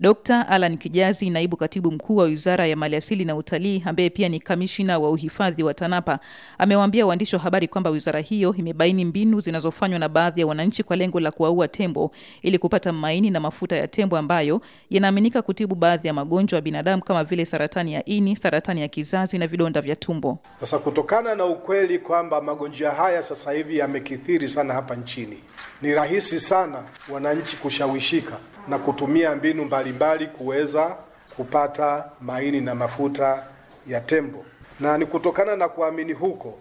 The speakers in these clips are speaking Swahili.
Dkt. Alan Kijazi, naibu katibu mkuu wa Wizara ya Maliasili na Utalii, ambaye pia ni kamishina wa uhifadhi wa TANAPA, amewaambia waandishi wa habari kwamba wizara hiyo imebaini mbinu zinazofanywa na baadhi ya wananchi kwa lengo la kuwaua tembo ili kupata maini na mafuta ya tembo ambayo yanaaminika kutibu baadhi ya magonjwa ya binadamu kama vile saratani ya ini, saratani ya kizazi na vidonda vya tumbo. Sasa kutokana na ukweli kwamba magonjwa haya sasa hivi yamekithiri sana hapa nchini, ni rahisi sana wananchi kushawishika na kutumia mbinu mbali mbalimbali kuweza kupata maini na mafuta ya tembo, na ni kutokana na kuamini huko,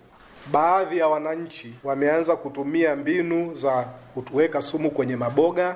baadhi ya wananchi wameanza kutumia mbinu za kuweka sumu kwenye maboga,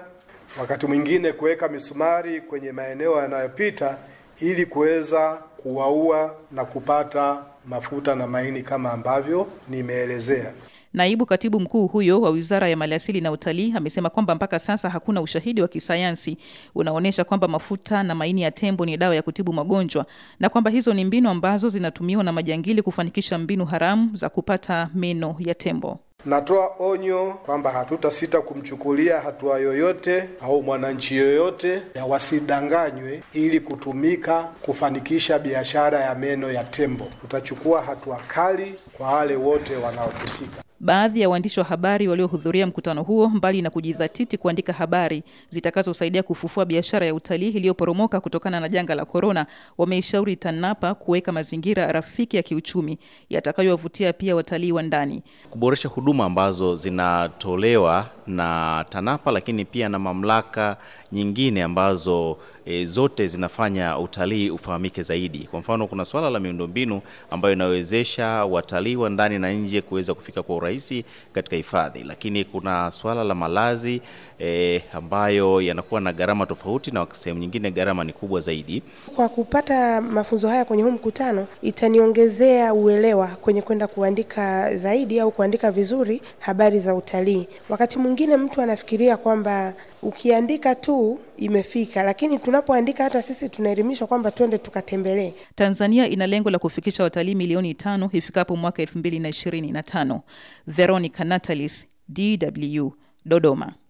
wakati mwingine kuweka misumari kwenye maeneo yanayopita ili kuweza kuwaua na kupata mafuta na maini kama ambavyo nimeelezea. Naibu katibu mkuu huyo wa wizara ya maliasili na utalii amesema kwamba mpaka sasa hakuna ushahidi wa kisayansi unaonyesha kwamba mafuta na maini ya tembo ni dawa ya kutibu magonjwa na kwamba hizo ni mbinu ambazo zinatumiwa na majangili kufanikisha mbinu haramu za kupata meno ya tembo. Natoa onyo kwamba hatutasita kumchukulia hatua yoyote au mwananchi yoyote ya wasidanganywe ili kutumika kufanikisha biashara ya meno ya tembo. Tutachukua hatua kali kwa wale wote wanaohusika. Baadhi ya waandishi wa habari waliohudhuria mkutano huo, mbali na kujidhatiti kuandika habari zitakazosaidia kufufua biashara ya utalii iliyoporomoka kutokana na janga la korona, wameishauri TANAPA kuweka mazingira rafiki ya kiuchumi yatakayowavutia pia watalii wa ndani, kuboresha huduma ambazo zinatolewa na TANAPA, lakini pia na mamlaka nyingine ambazo e, zote zinafanya utalii ufahamike zaidi. Kwa mfano, kuna swala la miundombinu ambayo inawezesha watalii wa ndani na nje kuweza kufika kwa urahisi katika hifadhi, lakini kuna swala la malazi e, ambayo yanakuwa na gharama tofauti na sehemu nyingine gharama ni kubwa zaidi. Kwa kupata mafunzo haya kwenye huu mkutano, itaniongezea uelewa kwenye kwenda kuandika zaidi au kuandika vizuri habari za utalii wakati mwingine pengine mtu anafikiria kwamba ukiandika tu imefika, lakini tunapoandika hata sisi tunaelimishwa kwamba twende tukatembelee. Tanzania ina lengo la kufikisha watalii milioni tano ifikapo mwaka 2025. Veronica Natalis, DW, Dodoma.